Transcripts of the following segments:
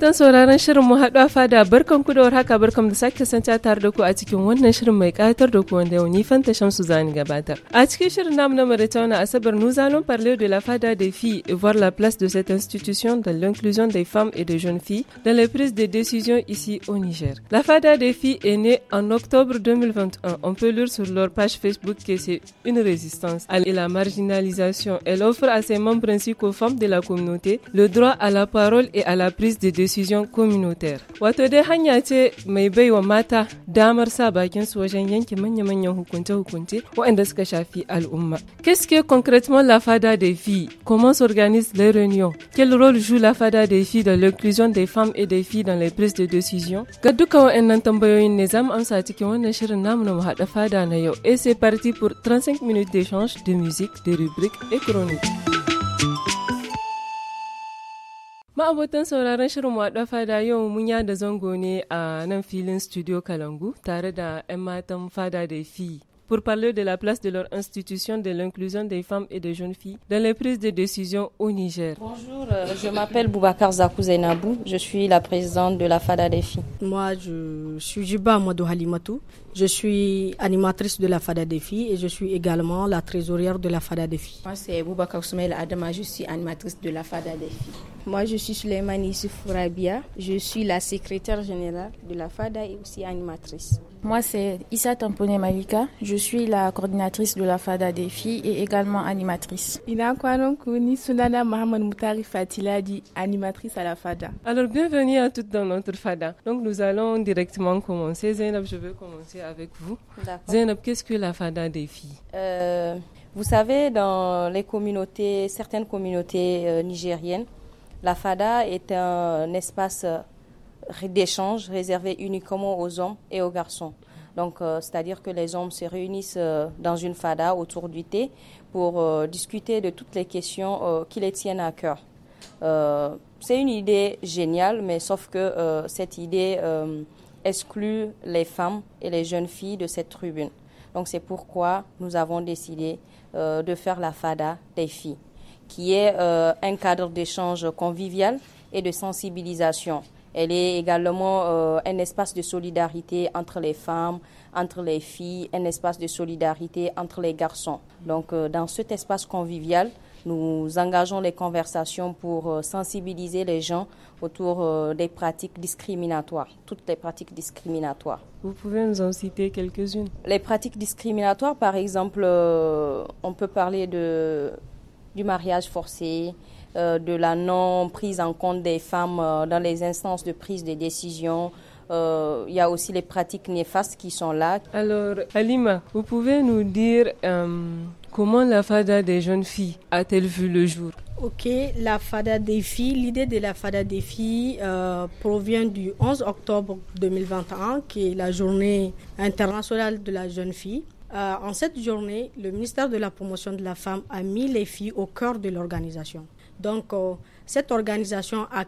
shirin mu barkan da sake tare da ku a cikin wannan shirin mai Shamsu A cikin shirin na nous allons parler de la fada des filles et voir la place de cette institution dans l'inclusion des femmes et des jeunes filles dans les prises de décision ici au Niger. La fada des filles est née en octobre 2021. On peut lire sur leur page Facebook que c'est une résistance à la marginalisation. Elle offre à ses membres ainsi qu'aux femmes de la communauté le droit à la parole et à la prise de décision communautaire. Qu'est-ce que concrètement la FADA des filles? Comment s'organisent les réunions? Quel rôle joue la FADA des filles dans l'inclusion des femmes et des filles dans les prises de décision? Ga amsa cikin wannan shirin na yau. Et c'est parti pour 35 minutes d'échange de musique, de rubriques et chroniques. Ma'abotan sauraron shirin waɗa fada yau mun yada zango ne a nan filin studio Kalangu tare da 'yan matan fada da fi pour parler de la place de leur institution de l'inclusion des femmes et des jeunes filles dans les prises de décision au Niger. Bonjour, euh, je m'appelle Boubacar Zakou Zainabou, je suis la présidente de la FADA des filles. Moi, je suis Juba Amadou je suis animatrice de la FADA des filles et je suis également la trésorière de la FADA des Moi, c'est Boubacar Adama, je suis animatrice de la FADA des Moi, je suis Issoufourabia, je suis la secrétaire générale de la FADA et aussi animatrice. Moi, c'est Issa Tamponé Malika. Je suis la coordinatrice de la FADA des filles et également animatrice. Sunana Mohamed animatrice à la FADA. Alors, bienvenue à toutes dans notre FADA. Donc, nous allons directement commencer. Zainab, je veux commencer avec vous. Zainab, qu'est-ce que la FADA des filles euh, Vous savez, dans les communautés, certaines communautés euh, nigériennes, la FADA est un espace d'échanges réservés uniquement aux hommes et aux garçons. Donc, euh, c'est-à-dire que les hommes se réunissent euh, dans une fada autour du thé pour euh, discuter de toutes les questions qui les tiennent à cœur. c'est une idée géniale, mais sauf que cette idée exclut les femmes et les jeunes filles de cette tribune. Donc, c'est pourquoi nous avons décidé de faire la fada des filles, qui est un cadre d'échange convivial et de sensibilisation. Elle est également euh, un espace de solidarité entre les femmes, entre les filles, un espace de solidarité entre les garçons. Donc euh, dans cet espace convivial, nous engageons les conversations pour euh, sensibiliser les gens autour des pratiques discriminatoires, toutes les pratiques discriminatoires. Vous pouvez nous en citer quelques-unes Les pratiques discriminatoires, par exemple, on peut parler de, du mariage forcé, euh, de la non-prise en compte des femmes euh, dans les instances de prise de décision, euh, il y a aussi les pratiques néfastes qui sont là. Alors, Alima, vous pouvez nous dire comment la FADA des jeunes filles a-t-elle vu le jour Ok, la FADA des filles, l'idée de la FADA des filles provient du 11 octobre 2021, qui est la journée internationale de la jeune fille. en cette journée, le ministère de la promotion de la femme a mis les filles au cœur de l'organisation. Donc, euh, cette organisation a,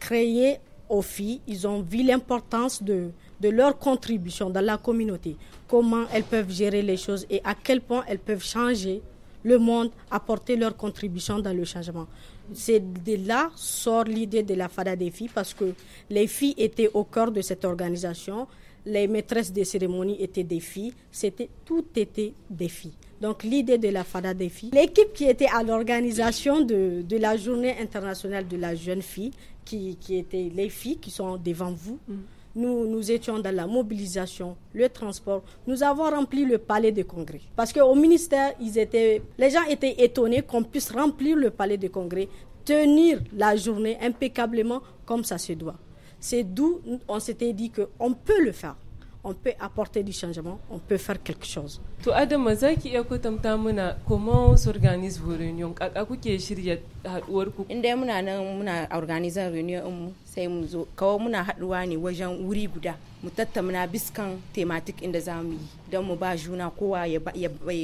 créé aux filles, Ils ont vu l'importance de, leur contribution dans la communauté, comment elles peuvent gérer les choses et à quel point elles peuvent changer le monde, apporter leur contribution dans le changement. C'est de là sort l'idée de la FADA des filles parce que les filles étaient au cœur de cette organisation, les maîtresses des cérémonies étaient des filles, c'était, tout était des filles donc l'idée de la FADA des filles. L'équipe qui était à l'organisation de, la journée internationale de la jeune fille, qui, qui les filles qui sont devant vous, mm. Nous, nous, étions dans la mobilisation, le transport. Nous avons rempli le palais de congrès. Parce qu'au ministère, ils étaient, les gens étaient étonnés qu'on puisse remplir le palais de congrès, tenir la journée impeccablement comme ça se doit. C'est d'où on s'était dit qu'on peut le faire. on peut apporter du changement, on peut faire quelque chose. To Adama za ki iya kwatanta muna comment s'organise vos réunions? A kuke shirya haduwar ku? Inda muna nan muna organizing réunion mu sai mu zo kawo muna haduwa ne wajen wuri guda mu tattauna biskan thematic inda za mu yi don mu ba juna kowa ya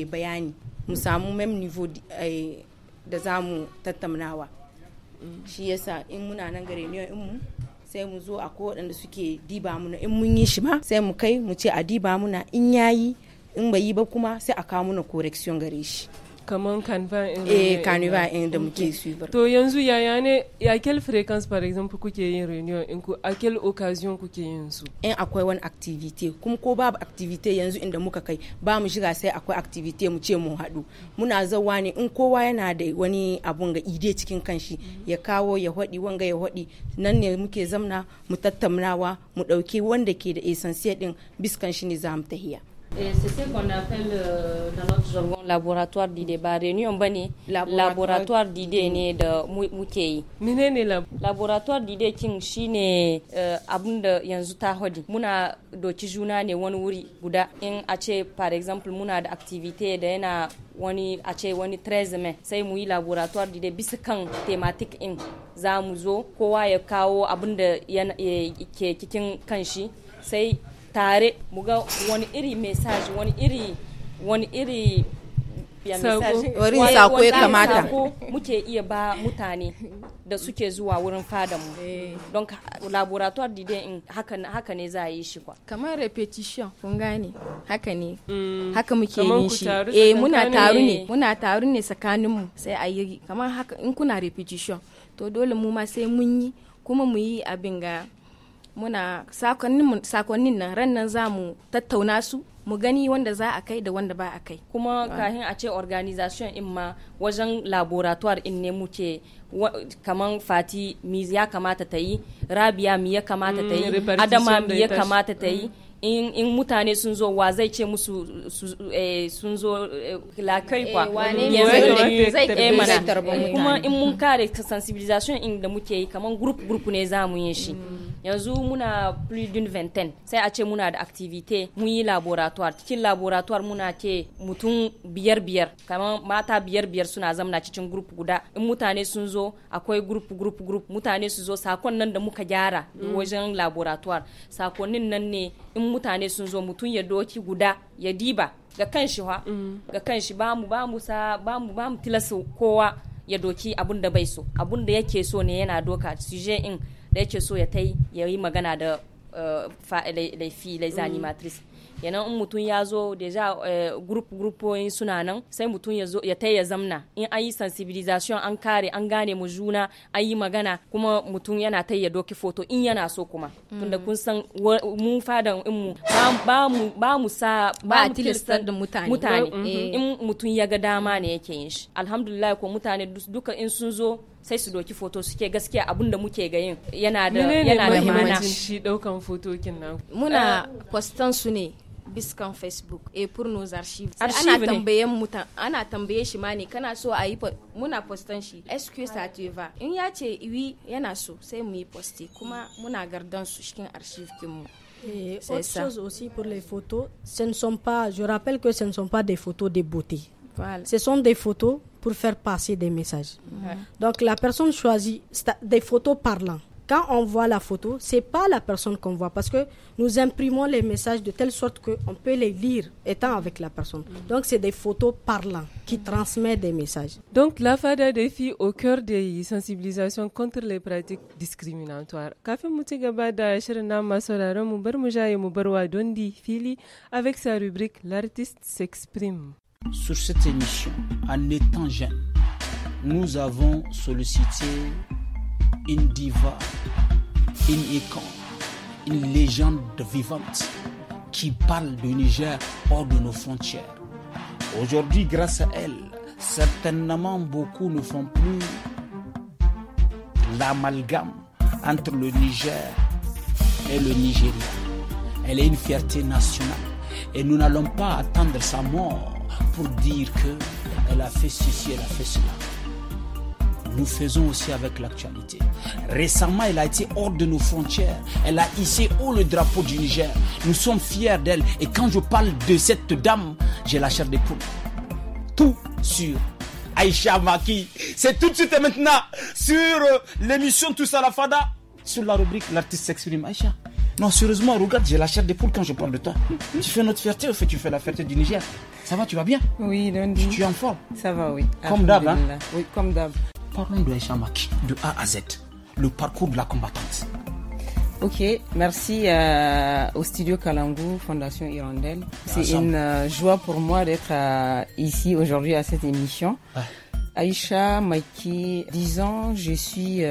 bayani mu samu même niveau eh, da za mu tattaunawa. Mm. Shi yasa in muna nan ga réunion mu sai mu zo a ko waɗanda suke diba muna in mun yi shi ma sai mu kai mu ce a diba muna in yayi in bai yi ba kuma sai a kawo muna correction gare shi kamar canva in eh canva in da muke su to yanzu yaya ne ya kel frequence par exemple kuke yin reunion in ku a kel occasion kuke yin su in akwai wani activity kuma ko babu activity yanzu inda muka kai ba mu shiga sai akwai activity mu ce mu hadu muna zawa ne in kowa yana da wani abun ga ide cikin kanshi ya kawo ya hodi wanga ya hodi nan ne muke zamna mu tattaunawa mu ɗauki wanda ke da essence din biskan shi ne za mu tahiya C'est ce qu'on appelle euh, dans notre jargon laboratoire d'idées. Ba réunion ba ne laboratoire d'idées ne da muke yi. Mine ne lab? Laboratoire d'idées kin shine uh, abun abunda yanzu ta hodi. Muna doki juna ne wani wuri guda. In a ce par exemple muna da activité da yana wani a ce wani 13 mai sai mu yi laboratoire d'idées bisa kan thematic in za mu zo kowa ya abunda abun da ke kikin kanshi sai tare mu ga wani iri message wani iri wani iri wani sako ya kamata muke iya ba mutane da suke zuwa wurin fadamu eh. don laboratoire dide in haka ne za a yi shi kwa kamar repetition kun gane haka ne mm. haka muke yin shi eh muna taru ne muna taru ne tsakaninmu sai a yi kamar haka in kuna repetition to dole mu ma sai mun yi kuma mu yi abin ga muna sakonnin nan ran nan za mu tattauna su mu gani wanda za a kai da wanda ba a kai kuma kahin a ce organization in ma wajen laboratoire in ne muke kaman fati mi ya kamata ta yi rabia mi ya kamata ta mm, yi adama mi ya kamata ta yi mm. in, mutane sun zo wa zai ce musu eh, sun zo eh, lakai kwa eh, zai mana kuma in mun kare sensibilisation in da muke yi kaman group group ne za mu yin shi mm. yanzu muna plus d'une vingtaine sai a ce muna da activité mun yi laboratoire cikin laboratoire muna ce mutum biyar biyar kamar mata biyar biyar suna zamna cikin group guda in mutane sun zo akwai group group group mutane su zo sakon nan da muka gyara mm. wajen laboratoire sakonnin nan ne in mutane sun zo mutum ya doki guda ya diba ga kan shi mm. ga kan shi bamu bamu sa bamu bamu tilasa kowa ya doki abun da bai so abun da yake so ne yana doka suje in da yake so ya tai ya yi magana da eh, laifi les mm. matris yanan in mutum ya zo deja eh, group grupoyin suna nan sai mutum ya zo ya tai ya zamna in an yi sensibilisation an kare an gane mu juna an yi magana kuma mutum yana tai ya doki foto in yana so kuma mm. tunda kun san mu fadan in mu ba mu sa ba mu tilistar da mutane mutane mm-hmm. eh. in mutum ya ga dama ne yake yin shi alhamdulillah ko mutane duka in sun zo sai su doki foto suke gaskiya abun da muke ga yin yana da yana da mana shi daukan fotokin nan muna ah. postan su ne biskan facebook e pour nos archives ana tambayen mutan ana tambaye shi ma ne kana so a yi muna postan shi sq sativa in ya ce iwi yana so sai mu yi poste kuma muna gardan su cikin archive mu Et autre ça. chose aussi pour les photos, ce ne sont pas, je rappelle que ce ne sont pas des photos de beauté. Voilà. Ce sont des photos pour faire passer des messages. Donc la personne choisit des photos parlantes. Quand on voit la photo, c'est pas la personne qu'on voit parce que nous imprimons les messages de telle sorte qu'on peut les lire étant avec la personne. Mm. Donc c'est des photos parlantes qui mm. transmettent des messages. Donc la FADA défie au cœur des sensibilisations contre les pratiques discriminatoires. Dondi, Fili, Avec sa rubrique L'artiste s'exprime. Sur cette émission, en étant jeune, nous avons sollicité une diva, une icône, une légende vivante qui parle du Niger hors de nos frontières. Aujourd'hui, grâce à elle, certainement beaucoup ne font plus l'amalgame entre le Niger et le Nigeria. Elle est une fierté nationale et nous n'allons pas attendre sa mort pour dire que elle a fait ceci, elle a fait cela. Nous faisons aussi avec l'actualité. Récemment, elle a été hors de nos frontières. Elle a hissé haut le drapeau du Niger. Nous sommes fiers d'elle. Et quand je parle de cette dame, j'ai la chair des poules. Tout sur Aïcha Maki. C'est tout de suite et maintenant sur euh, l'émission Tous à Fada, sur la rubrique L'artiste s'exprime Aïcha. Non, sérieusement, regarde, j'ai la chair des poules quand je parle de toi. tu fais notre fierté, au fait, tu fais la fierté du Niger. Ça va, tu vas bien Oui, lundi. Tu, es en forme Ça va, oui. Comme d'hab, hein Oui, comme d'hab. Parlons de Aïcha Maki, de A à Z, le parcours de la combattante. Ok, merci euh, au studio Kalangu, Fondation Hirondelle. Ah, C'est une euh, joie pour moi d'être euh, ici aujourd'hui à cette émission. Aïcha Maki, 10 ans, je suis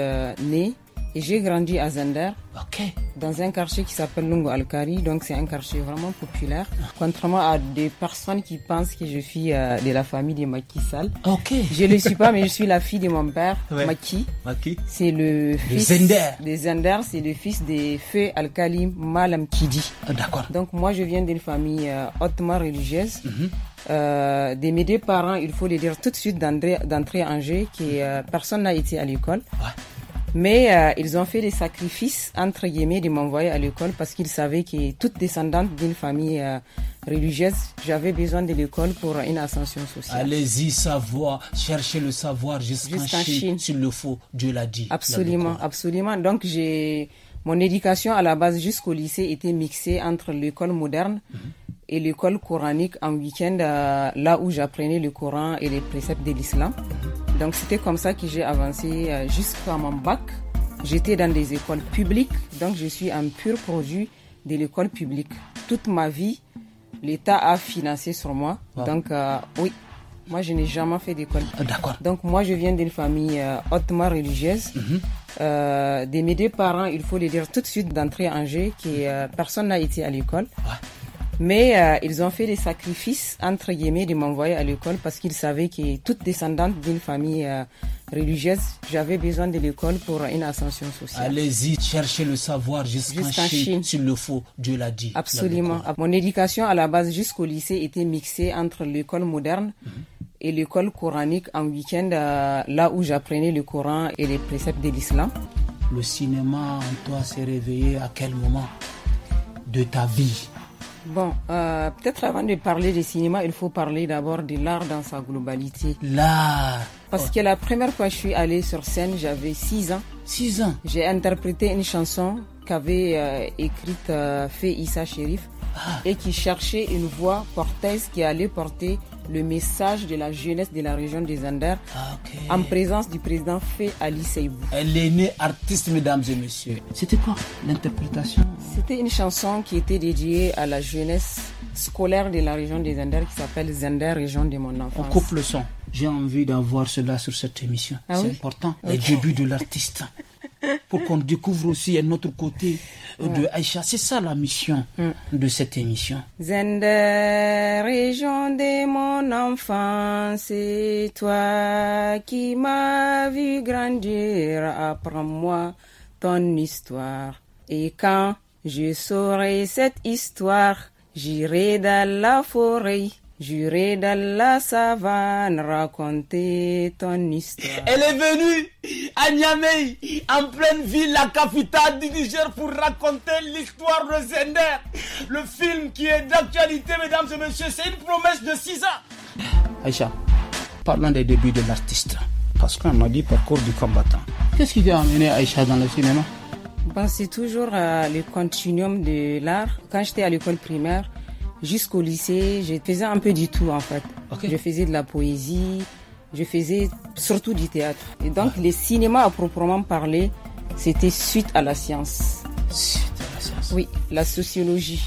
née et j'ai grandi à Zender, ok dans un quartier qui s'appelle Lungo Alkari, donc c'est un quartier vraiment populaire. Contrairement à des personnes qui pensent que je suis euh, de la famille des Makisal. Je ne le suis pas, mais je suis la fille de mon père, Maki. Maki. C'est le fils de Zender. Des Zender, c'est le fils des feux Alkali Malam Kidi. Ah, d'accord. Donc moi je viens d'une famille euh, hautement religieuse. Mhm. Euh, de mes deux parents, il faut les dire tout de suite d'entrée en jeu, que personne n'a été à l'école. Ouais. Mais euh, ils ont fait des sacrifices, entre guillemets, de m'envoyer à l'école parce qu'ils savaient que toute descendante d'une famille euh, religieuse, j'avais besoin de l'école pour une ascension sociale. Allez-y, savoir, chercher le savoir jusqu'en Chine, s'il le faut, Dieu l'a dit. Absolument, absolument. Donc j'ai mon éducation à la base jusqu'au lycée était mixée entre l'école moderne mhm et l'école coranique en week-end, euh, là où j'apprenais le Coran et les préceptes de l'islam. Donc c'était comme ça que j'ai avancé euh, jusqu'à mon bac. J'étais dans des écoles publiques, donc je suis un pur produit de l'école publique. Toute ma vie, l'État a financé sur moi. Ah. Donc euh, oui, moi je n'ai jamais fait d'école. Ah, d'accord. Donc moi je viens d'une famille hautement religieuse. Mhm. de mes deux parents, il faut le dire tout de suite d'entrée en jeu, que personne n'a été à l'école. Ouais. Mais euh, ils ont fait des sacrifices, entre guillemets, de m'envoyer à l'école parce qu'ils savaient que toute descendante d'une famille euh, religieuse, j'avais besoin de l'école pour une ascension sociale. Allez-y, cherchez le savoir jusqu'en jusqu Chine, Chine. s'il le faut, Dieu l'a dit. Absolument. Mon éducation à la base jusqu'au lycée était mixée entre l'école moderne mhm. et l'école coranique en week-end, euh, là où j'apprenais le Coran et les préceptes de l'islam. Le cinéma en toi s'est réveillé à quel moment de ta vie Bon, euh, peut-être avant de parler du cinéma, il faut parler d'abord de l'art dans sa globalité. L'art Parce que la première fois que je suis allée sur scène, j'avais 6 ans. 6 ans J'ai interprété une chanson qu'avait euh, écrite euh, Fé Sherif ah. et qui cherchait une voix portaise qui allait porter le message de la jeunesse de la région des Anders ah, en présence du président Fé Ali Seibou. Elle est née artiste, mesdames et messieurs. C'était quoi l'interprétation C'était une chanson qui était dédiée à la jeunesse scolaire de la région des Anders qui s'appelle Zender, région de mon enfance. On coupe le son. J'ai envie d'avoir cela sur cette émission. Ah C'est important. Les débuts de l'artiste pour qu'on découvre aussi un autre côté de Aïcha. C'est ça la mission de cette émission. Zende, région de mon enfance, c'est toi qui m'as vu grandir. Apprends-moi ton histoire. Et quand je saurai cette histoire, j'irai dans la forêt Juré d'Allah, ça va raconter ton histoire. Elle est venue à Niamey, en pleine ville, la capitale du Niger, pour raconter l'histoire de Zender. Le film qui est d'actualité, mesdames et messieurs, c'est une promesse de 6 ans. Aïcha, parlons des débuts de l'artiste. Parce qu'on m'a dit parcours du combattant. Qu'est-ce qui t'a amené Aïcha dans le cinéma Je C'est toujours à euh, le continuum de l'art. Quand j'étais à l'école primaire, Jusqu'au lycée, je faisais un peu du tout en fait. Je faisais de la poésie, je faisais surtout du théâtre. Et donc ah. le cinéma à proprement parler, c'était suite à la science. Suite à la science Oui, la sociologie.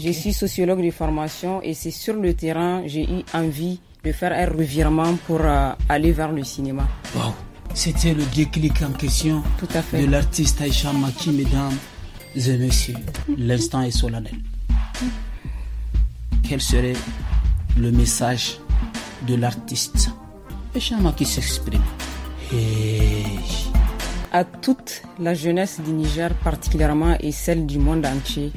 Je suis sociologue de formation et c'est sur le terrain que j'ai eu envie de faire un revirement pour euh, aller vers le cinéma. Wow. C'était le déclic en question Tout à fait. de l'artiste Aïcha Maki, mesdames et messieurs. L'instant est solennel. Quel serait le message de l'artiste Et qui s'exprime. À toute la jeunesse du Niger particulièrement et celle du monde entier,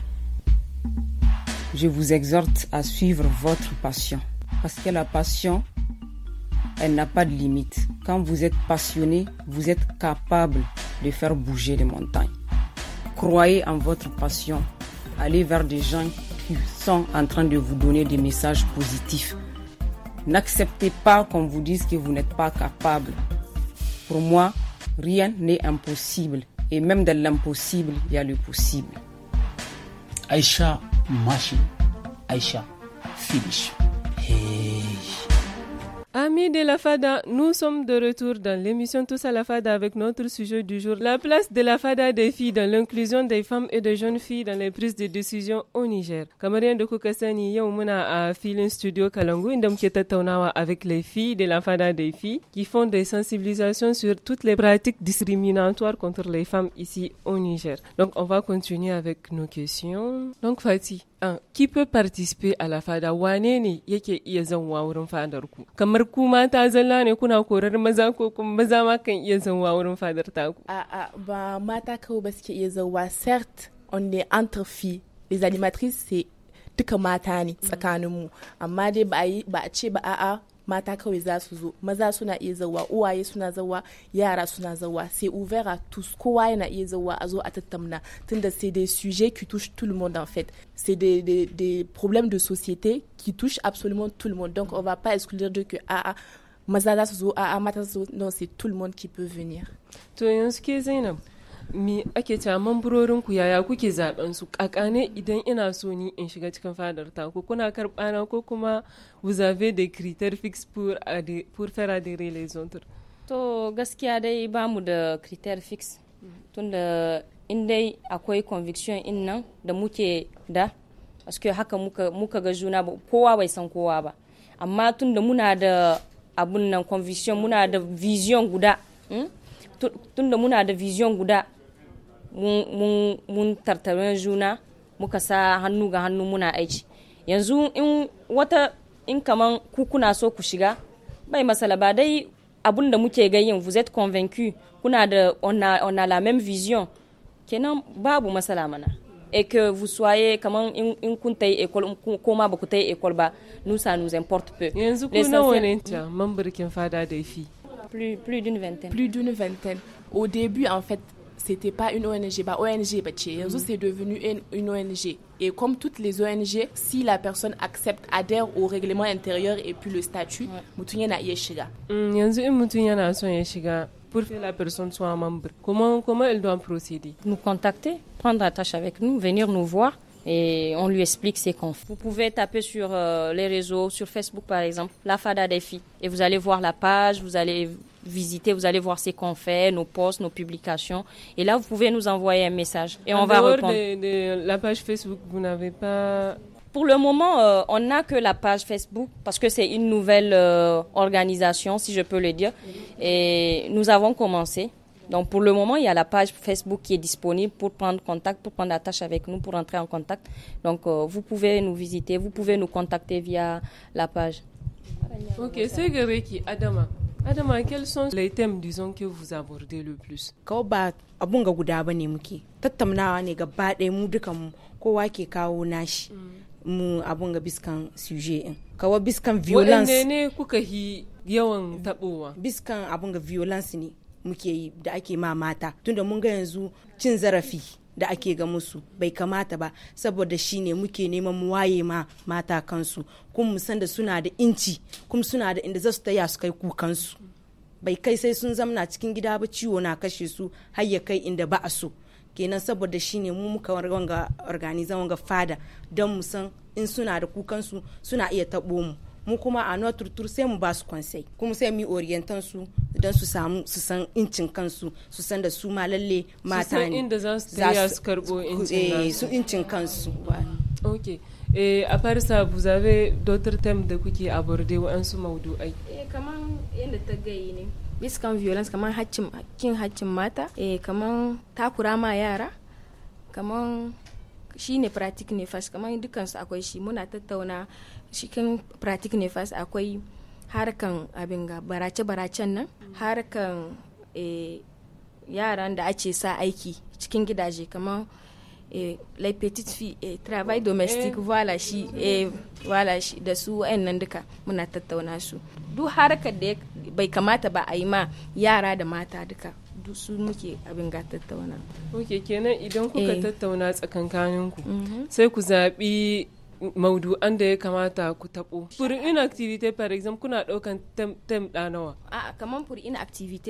je vous exhorte à suivre votre passion. Parce que la passion, elle n'a pas de limite. Quand vous êtes passionné, vous êtes capable de faire bouger les montagnes. Croyez en votre passion. Allez vers des gens sont en train de vous donner des messages positifs. N'acceptez pas qu'on vous dise que vous n'êtes pas capable. Pour moi, rien n'est impossible. Et même dans l'impossible, il y a le possible. Aïcha, machine. Aïcha, finish. Hey. Amis de la Fada, nous sommes de retour dans l'émission Tous à la Fada avec notre sujet du jour, la place de la Fada des filles dans l'inclusion des femmes et des jeunes filles dans les prises de décision au Niger. Camarien de Koukassani, yau muna a un Studio Kalangu, indam tattaunawa avec les filles de la Fada des filles qui font des sensibilisations sur toutes les pratiques discriminatoires contre les femmes ici au Niger. Donc, on va continuer avec nos questions. Donc, Fatih, ki fa participe a la fada wane ne yake iya zanwa wurin fadar ku kamar ku mata zalla ne kuna korar maza ko kuma maza ma kan iya zanwa wurin fadar taku a'a ah, ah, ba mata kawai ba suke iya zanwa cert on est entre filles les animatrices c'est duka mata ne tsakanin mu. amma dai ba a ce ba a'a mata kawai za su zo maza suna iya zawa uwaye suna zawa yara suna zawa sai ouvert à tous kowa yana iya a zo a tattauna tunda c'est des sujets qui touchent tout le monde en fait c'est des, des, des problèmes de société qui touchent absolument tout le monde donc on va pas exclure de que ah, ah maza za su zo ah, ah, mata zo non c'est tout le monde qui peut venir to yanzu ke Zainab Mi ake cewa mamburorin ku yaya kuke zaben su kakane idan ina so ni in shiga cikin fadar ta ko kuna karbana ko kuma vous avez des critères fixes pour adé, pour faire adhérer les autres to gaskiya dai ba mu da critère fix tunda in dai akwai conviction in nan da muke da que haka muka, muka ga juna ba kowa bai san kowa ba amma tunda muna da abun nan conviction muna da vision guda hmm? tunda muna da vision guda mun tartarin juna muka sa hannu ga hannu muna aiki yanzu in wata in kaman ku kuna so ku shiga bai masala ba dai abun da muke gayin vous êtes convaincu kuna da on a, on a la même vision kenan babu masala mana et que vous soyez kaman in, kun tai école ko ma baku tai école ba nous ça nous importe peu yanzu ku nawa ne ta kin fada da fi plus plus d'une vingtaine plus d'une vingtaine au début en fait c'était pas une ONG, bah ONG, bah mm. c'est devenu une, ONG. Et comme toutes les ONG, si la personne accepte, adhère au règlement intérieur et puis le statut, mutunya yeshiga. Mm, Yanzu yeshiga pour que la personne soit un membre. Comment comment elle doit procéder Nous contacter, prendre attache avec nous, venir nous voir et on lui explique ses qu'on fait. Vous pouvez taper sur euh, les réseaux, sur Facebook par exemple, la Fada des et vous allez voir la page, vous allez visiter, vous allez voir ce qu'on fait, nos posts, nos publications. Et là, vous pouvez nous envoyer un message et on va répondre. De, de la page Facebook, vous n'avez pas pour le moment, euh, on n'a que la page Facebook parce que c'est une nouvelle euh, organisation, si je peux le dire. Et nous avons commencé. Donc pour le moment, il y a la page Facebook qui est disponible pour prendre contact, pour prendre attache avec nous, pour entrer en contact. Donc euh, vous pouvez nous visiter, vous pouvez nous contacter via la page. Ok, c'est Adama. Adama, quels sont les thèmes, disons, que vous abordez le plus Kau ba abun ga guda ba muke, tattaunawa ne gaba ɗaya mu duka mu kowa ke kawo nashi. Mm. Mu abun ga biskan suje in. kawo biskan violence. ne kuka yi yawan taɓowa? Biskan abun ga violence ne muke yi da ake ma mata. Tunda mun ga yanzu cin zarafi. da ake ga musu bai kamata ba saboda shi ne muke neman mu waye ma mata kansu kun mu san da suna da inci kun suna da inda za su taya su kai kukansu bai kai sai sun zamna cikin gida ba ciwo na kashe su har ya kai inda ba a so kenan saboda shi ne mu muka wanga organizan wanga fada don mu san in suna da kukansu suna iya taɓo mu mu kuma a notre tour sai mu ba su kwansai kuma sai mu orientan su don su samu su san incin kansu su san da su ma lalle mata ne inda za su tsaya su karbo eh, su incin kansu ok eh, a Farisa vous avez d'autres thèmes da kuke aborde wa'ansu maudu'ai eh, kaman yadda ta gayi ne biskan violence kaman haccin hakkin haccin mata eh, kaman takura ma yara kaman. shi ne pratik nefas kamar dukansu akwai shi muna tattauna cikin pratik nefas akwai harkan abin ga barace-baracen nan harkan eh, yaran da ake sa aiki cikin gidaje kamar et eh, les petites eh, travail domestique voilà shi shi da su nan duka muna tattauna su duk harkar da bai kamata ba a yi ma yara da mata duka su muke abin ga tattauna. ok kenan idan kuka eh. tattauna tsakankanin ku mhm. sai ku zaɓi maudu'an da ya kamata ku taɓo. Pour une for example kuna ɗaukan tem ɗa nawa? A'a kamar pour une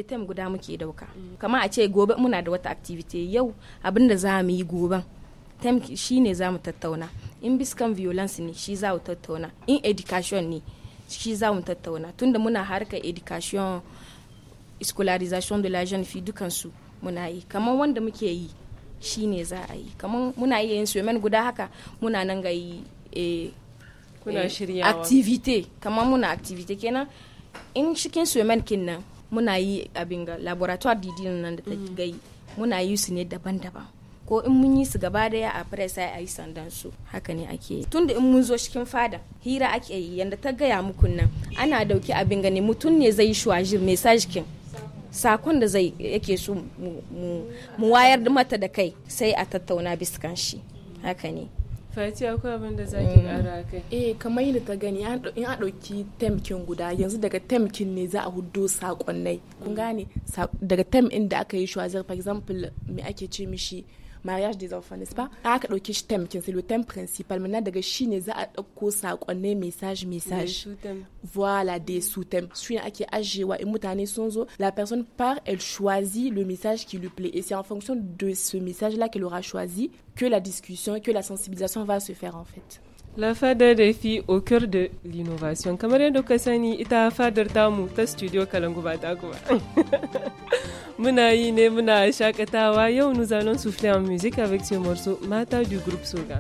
tem guda muke dauka. Mm. Kamar a ce gobe muna da wata activity yau abin da za mu yi goben. Tem shi ne za mu tattauna. In biskan violence ne shi za mu tattauna. In education ne shi za mu tattauna. Tunda muna harkar education scolarisation de la jeune fille dukansu muna yi kamar wanda muke yi shi ne za a yi kamar muna yi yin swimming guda haka muna nan ga yi e, kuna eh, activity kamar muna activity kenan in cikin swimming kin nan muna yi abin ga laboratoire didin nan da ta mm. gai muna yi su ne daban-daban ko in mun yi su gaba daya a press sai a yi sandan su haka ne ake yi tunda in mun zo cikin fada hira ake yi yanda ta gaya muku nan ana dauki abin gani mutum ne zai yi shuwajir mai sajikin sakon da zai yake so mu wayar mata da kai sai a tattauna biskan shi haka ne fati akwai abin da za ki kara mm. kai eh kamar yadda ta gani in a ɗauki temkin guda yanzu daga temkin ne za a hudo sakonnai kun gane daga tem inda aka yi shi for example me ake ce mishi mariage des enfants n'est-ce pas Ah, c'est le thème principal maintenant daga shi ah, oh, ça. za a dauko sakonne message messages. voilà des sous-thèmes à qui mutane la personne part elle choisit le message qui lui plaît et c'est en fonction de ce message là qu'elle aura choisi que la discussion que la sensibilisation va se faire en fait la fadar des filles au cœur de l'innovation. Kamarin da kasani ita fadar tamu ta studio Kalangu ba muna ne muna shakatawa Yo, nous allons souffler en musique avec ce morceau Mata du groupe Soga.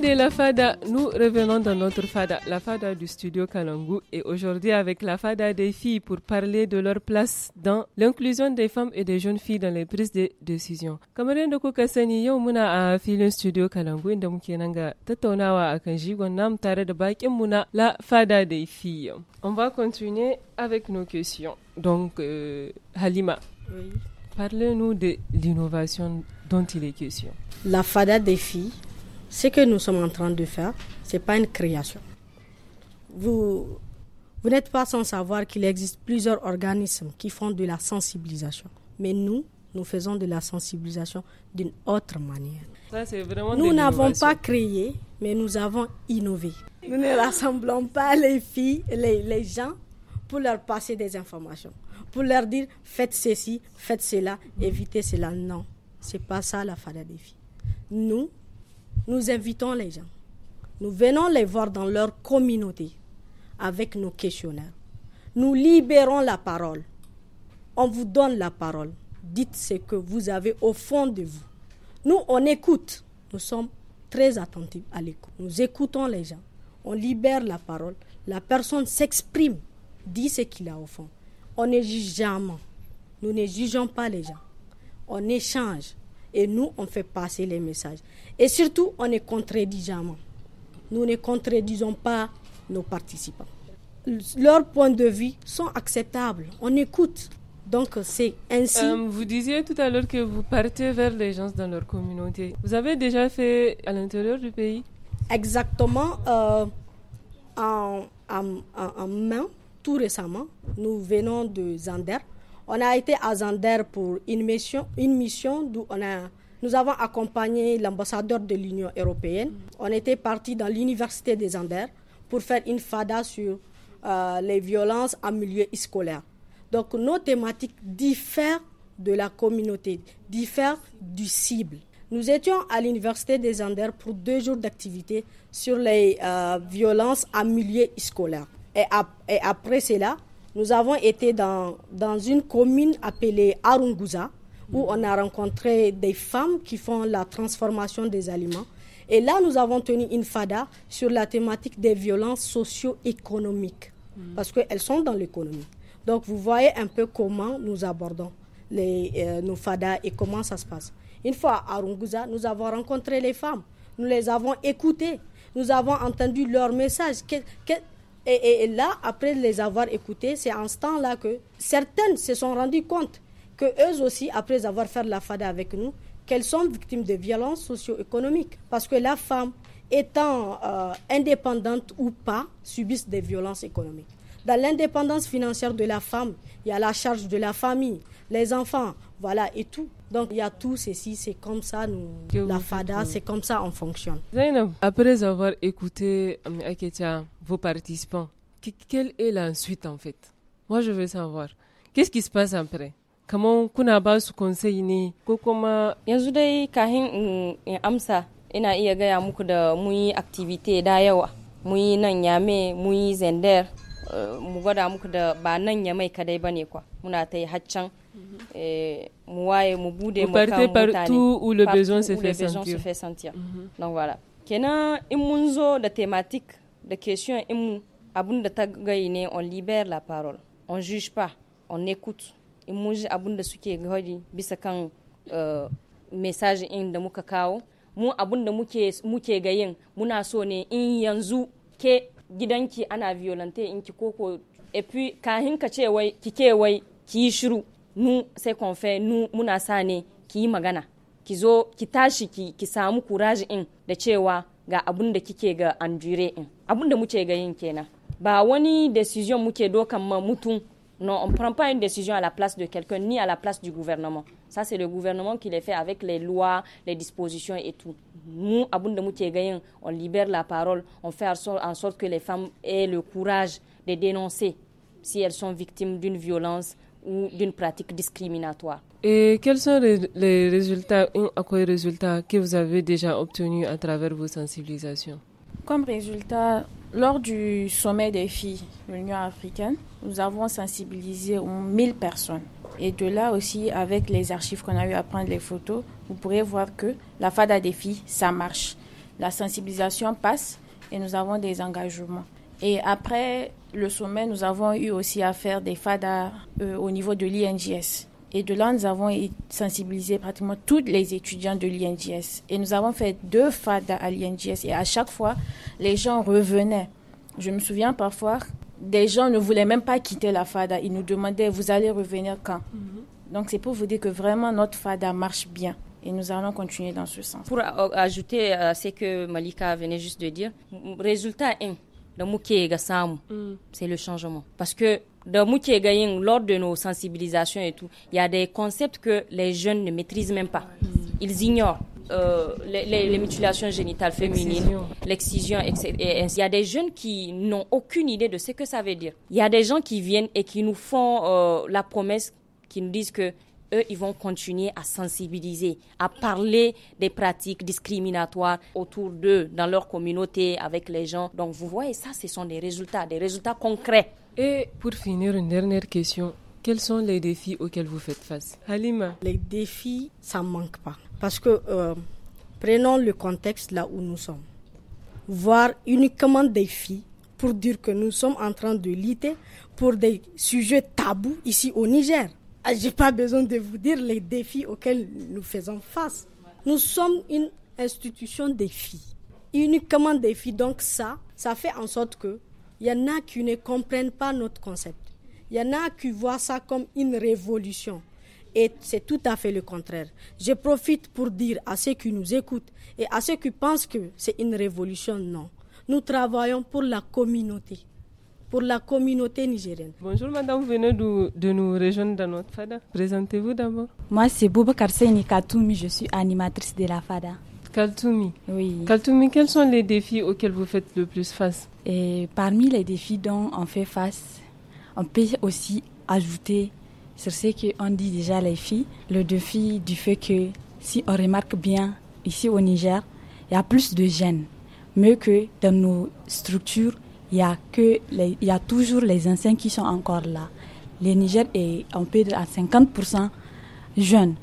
de la FADA, nous revenons dans notre FADA, la FADA du studio Kalangu, et aujourd'hui avec la FADA des filles pour parler de leur place dans l'inclusion des femmes et des jeunes filles dans les prises de décision. muna a studio Kalangu tare la FADA des filles. On va continuer avec nos questions. Donc euh, Halima. Parlez-nous de l'innovation dont il est question. La FADA des filles ce que nous sommes en train de faire, ce n'est pas une création. Vous, vous n'êtes pas sans savoir qu'il existe plusieurs organismes qui font de la sensibilisation. Mais nous, nous faisons de la sensibilisation d'une autre manière. nous n'avons pas créé, mais nous avons innové. Nous ne rassemblons pas les filles, les, gens, pour leur passer des informations, pour leur dire faites ceci, faites cela, évitez cela. Non, c'est pas ça la fada des filles. Nous, nous invitons les gens. Nous venons les voir dans leur communauté avec nos questionnaires. Nous libérons la parole. On vous donne la parole. Dites ce que vous avez au fond de vous. Nous, on écoute. Nous sommes très attentifs à l'écoute. Nous écoutons les gens. On libère la parole. La personne s'exprime, dit ce qu'il a au fond. On ne juge jamais. Nous ne jugeons pas les gens. On échange et nous, on fait passer les messages. Et surtout, on ne contredit jamais. Nous ne contredisons pas nos participants. Leurs points de vue sont acceptables. On écoute. Donc c'est ainsi. Euh, vous disiez tout à l'heure que vous partez vers les gens dans leur communauté. Vous avez déjà fait à l'intérieur du pays Exactement. Euh, en, main, tout récemment, nous venons de Zander on a été à Zander pour une mission, une mission d'où on a, nous avons accompagné l'ambassadeur de l'Union européenne. On était parti dans l'université des Zander pour faire une fada sur euh, les violences en milieu scolaire. Donc nos thématiques diffèrent de la communauté, diffèrent du cible. Nous étions à l'université des Anders pour deux jours d'activité sur les euh, violences en milieu scolaire. et après cela, nous avons été dans, dans une commune appelée Arunguza, où on a rencontré des femmes qui font la transformation des aliments. Et là, nous avons tenu une fada sur la thématique des violences socio-économiques, parce qu'elles sont dans l'économie. Donc, vous voyez un peu comment nous abordons les, euh, nos fadas et comment ça se passe. Une fois à Arunguza, nous avons rencontré les femmes, nous les avons écoutées, nous avons entendu leur message' Et, là, après les avoir écoutés, c'est en ce temps-là que certaines se sont rendues compte que eux aussi, après avoir fait la FADA avec nous, qu'elles sont victimes de violences socio-économiques. Parce que la femme, étant euh, indépendante ou pas, subissent des violences économiques. Dans l'indépendance financière de la femme, il y a la charge de la famille, les enfants, voilà, et tout. Donc il y a tout ceci, c'est comme ça, nous, la FADA, c'est comme ça on fonctionne. après avoir écouté euh, Aketia, vos participants, quelle est la suite en fait Moi je veux savoir, qu'est-ce qui se passe après Comment kuna ba ce conseil ko kuma yanzu kahin amsa ina iya gaya muku da muyi activité da yawa muyi nan yame muyi zender eh, mu gwada muku ba nan muna haccan mhm. eh, mu waye mu bude où le besoin se fait sentir, mhm. donc voilà kenan in da thematic da question in mu on libère la parole on juge pas on écoute in mun ji suke bisa kan eh, message in da muka kawo mu abunda muke muna so ke gidanki ana violente inki koko kahin ka ce wai ki ke wai ki yi shiru nu sai konfe nu muna sa ne ki yi magana ki zo ki tashi ki ki samu kuraji in da cewa ga abun da kike ga anjure in abun da muke ga yin kenan ba wani decision muke dokan ma mutum Non, on ne prend pas une décision à la place de quelqu'un ni à la place du gouvernement. Ça, c'est le gouvernement qui les fait avec les lois, les dispositions et tout. Nous, à Gayen, on libère la parole, on fait en sorte que les femmes aient le courage de dénoncer si elles sont victimes d'une violence ou d'une pratique discriminatoire. Et quels sont les résultats, à quoi les résultats que vous avez déjà obtenus à travers vos sensibilisations Comme résultat, lors du sommet des filles de l'Union africaine, nous avons sensibilisé 1000 personnes. Et de là aussi, avec les archives qu'on a eu à prendre les photos, vous pourrez voir que la FADA des filles, ça marche. La sensibilisation passe et nous avons des engagements. Et après le sommet, nous avons eu aussi à faire des FADA euh, au niveau de l'INGS. Et de là, nous avons sensibilisé pratiquement tous les étudiants de l'INGS. Et nous avons fait deux FADA à l'INGS. Et à chaque fois, les gens revenaient. Je me souviens parfois, des gens ne voulaient même pas quitter la FADA. Ils nous demandaient, vous allez revenir quand mhm. Donc c'est pour vous dire que vraiment notre FADA marche bien et nous allons continuer dans ce sens. Pour ajouter à ce que Malika venait juste de dire, résultat 1, dans muke ga mm. c'est le changement parce que dans muke ga yin lors de nos sensibilisations et tout il y a des concepts que les jeunes ne maîtrisent même pas mm. ils ignorent euh, les, mutilations génitales féminines, l'excision, etc. Il y a des jeunes qui n'ont aucune idée de ce que ça veut dire. Il y a des gens qui viennent et qui nous font euh, la promesse, qui nous disent que eux, ils vont continuer à sensibiliser, à parler des pratiques discriminatoires autour d'eux, dans leur communauté, avec les gens. Donc vous voyez, ça, ce sont des résultats, des résultats concrets. Et pour finir, une dernière question. Quels sont les défis auxquels vous faites face Halima Les défis, ça ne manque pas. Parce que euh, prenons le contexte là où nous sommes. Voir uniquement des filles pour dire que nous sommes en train de lutter pour des sujets tabous ici au Niger. Ah, Je n'ai pas besoin de vous dire les défis auxquels nous faisons face. Nous sommes une institution des filles, uniquement des filles. Donc ça, ça fait en sorte que il y en a qui ne comprennent pas notre concept. Il y en a qui voient ça comme une révolution. Et c'est tout à fait le contraire. Je profite pour dire à ceux qui nous écoutent et à ceux qui pensent que c'est une révolution, non. Nous travaillons pour la communauté pour la communauté nigérienne. Bonjour madame, vous venez de, de nous rejoindre dans notre FADA. Présentez-vous d'abord. Moi c'est Bouba Karseni Katoumi, je suis animatrice de la FADA. Kaltoumi. Oui. Kaltoumi, quels sont les défis auxquels vous faites le plus face Et Parmi les défis dont on fait face, on peut aussi ajouter sur ce qu'on dit déjà les filles, le défi du fait que si on remarque bien ici au Niger, il y a plus de jeunes, mieux que dans nos structures il y a que il y a toujours les anciens qui sont encore là. Le Niger est on à 50% jeunes.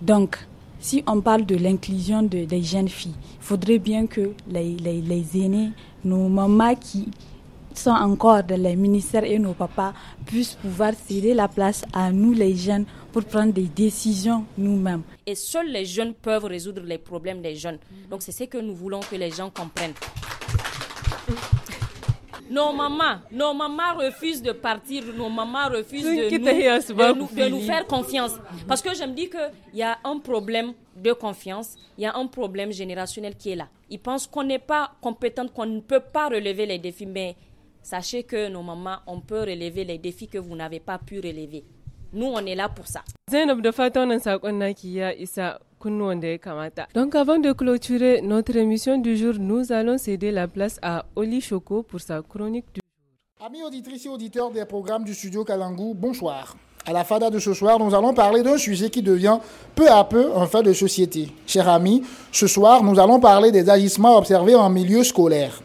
Donc si on parle de l'inclusion des jeunes filles, il faudrait bien que les, les, les, aînés, nos mamans qui sont encore dans les ministères et nos papas puissent pouvoir céder la place à nous les jeunes pour prendre des décisions nous-mêmes. Et seuls les jeunes peuvent résoudre les problèmes des jeunes. Donc c'est ce que nous voulons que les gens comprennent. Nos mamans, nos mamans refusent de partir, nos mamans refusent hein, de nous, faire confiance. Parce que je me dis qu'il y a un problème de confiance, il y a un problème générationnel qui est là. Ils pensent qu'on n'est pas compétente, qu'on ne peut pas relever les défis, mais sachez que nos mamans, on peut relever les défis que vous n'avez pas pu relever nous on est là pour ça Donc avant de clôturer notre émission du jour, nous allons céder la place à Oli Choco pour sa chronique du jour. Amis auditrices et auditeurs des programmes du studio Kalangu, bonsoir. À la fada de ce soir, nous allons parler d'un sujet qui devient peu à peu un fait de société. Chers amis, ce soir, nous allons parler des agissements observés en milieu scolaire.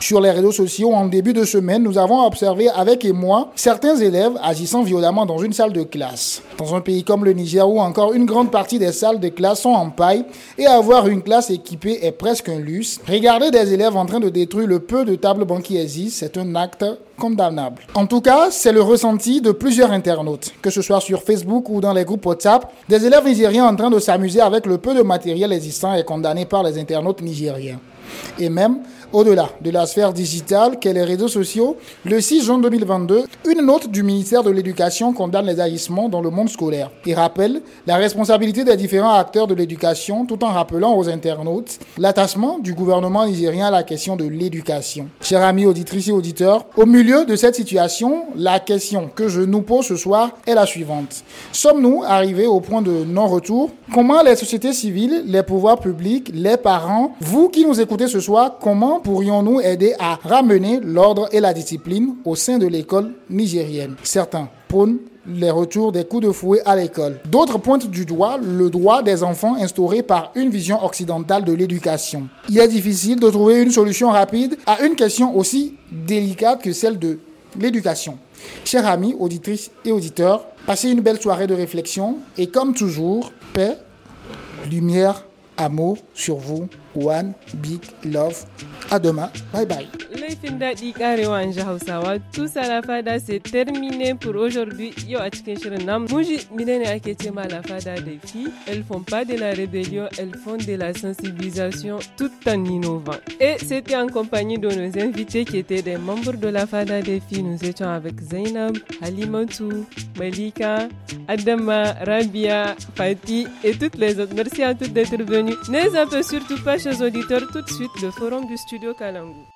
Sur les réseaux sociaux, en début de semaine, nous avons observé avec émoi certains élèves agissant violemment dans une salle de classe. Dans un pays comme le Niger où encore une grande partie des salles de classe sont en paille et avoir une classe équipée est presque un luxe, regarder des élèves en train de détruire le peu de tables banquiers c'est un acte condamnable. En tout cas, c'est le ressenti de plusieurs internautes, que ce soit sur Facebook ou dans les groupes WhatsApp. Des élèves nigériens en train de s'amuser avec le peu de matériel existant est condamné par les internautes nigériens. Et même, au-delà de la sphère digitale qu'est les réseaux sociaux, le 6 juin 2022, une note du ministère de l'Éducation condamne les agissements dans le monde scolaire et rappelle la responsabilité des différents acteurs de l'éducation tout en rappelant aux internautes l'attachement du gouvernement nigérien à la question de l'éducation. Chers amis auditrices et auditeurs, au milieu de cette situation, la question que je nous pose ce soir est la suivante. Sommes-nous arrivés au point de non-retour Comment les sociétés civiles, les pouvoirs publics, les parents, vous qui nous écoutez ce soir, comment pourrions-nous aider à ramener l'ordre et la discipline au sein de l'école nigérienne Certains prônent les retours des coups de fouet à l'école. D'autres pointent du doigt le droit des enfants instauré par une vision occidentale de l'éducation. Il est difficile de trouver une solution rapide à une question aussi délicate que celle de l'éducation. Chers amis, auditrices et auditeurs, passez une belle soirée de réflexion et comme toujours, paix, lumière, amour sur vous. One Big Love. À demain. Bye bye. laifin daɗi karewa in Tous à la fada c'est terminé pour aujourd'hui Yo a shirin namu muji mine ake ce ma lafada elles font pas de la rébellion elles font de la sensibilisation tout en innovant et c'était en compagnie de nos invités qui étaient des membres de la fada des filles nous étions avec Zainab Halimantou, Malika Adama Rabia Fatih et toutes les autres merci à toutes d'être venues ne un surtout pas chers auditeurs, tout de suite le forum du studio Kalangu.